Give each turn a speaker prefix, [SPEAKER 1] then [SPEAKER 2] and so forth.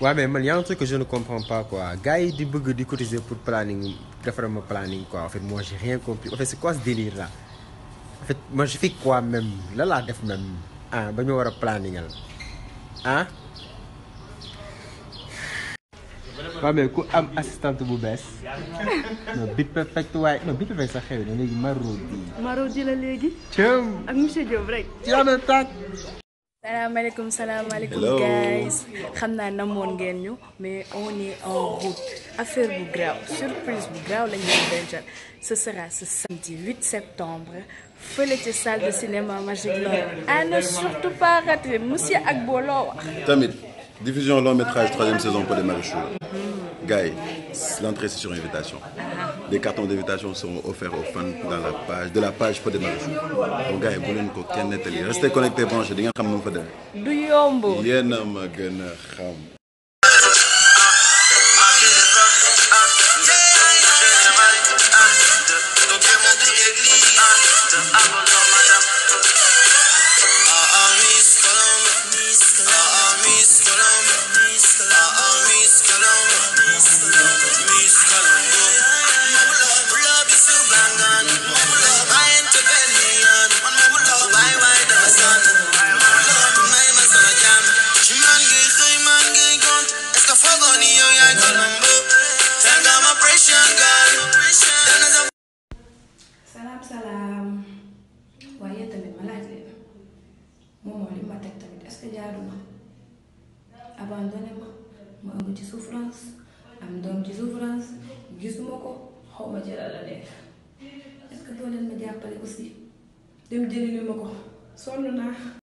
[SPEAKER 1] waa mais man y a un truc que je ne comprends pas quoi gars yi di bëgg di cotiser pour planning defaral ma planning quoi en fait moi j'ai rien compris en fait c'est quoi délire là en fait moi quoi même la laa def même ah ba ñu war a planningal ah. waaw mais ku am assistante bu bees non bi perfect waaye non bi perfect sax xew na léegi Marodi.
[SPEAKER 2] Marodi la léegi. cëm ak monsieur Diop rek. salaamaaleykum salaamaaleykum guys xam naa na namoon ngeen ñu mais on est en route affaire bu graaw surprise bu graaw la ñu ce sera ce samedi 8 septembre fële ci salle de cinéma Magic Law à ne surtout pas rater monsieur ak boo loo
[SPEAKER 3] wax diffusion long métrage troisième saison Pod et Marichou gars yi l'entrée c'est sur invitation des cartons d'invitation seront offerts aux fans dans la page de la page Pod et Marichou donc gars yi bu leen ko kenn nettali restez connectés branchés di nga xam nu mu fa demee.
[SPEAKER 2] du yomb salaam salaam waaye yéen tamit ma laaj leen moom moo li ma tamit est-ce que ma abandonné ci souffrance am doom ci souffrance gisuma ko xaw ma jëlal la nekk est doo leen ma jàppale aussi dem jëli ko sonn naa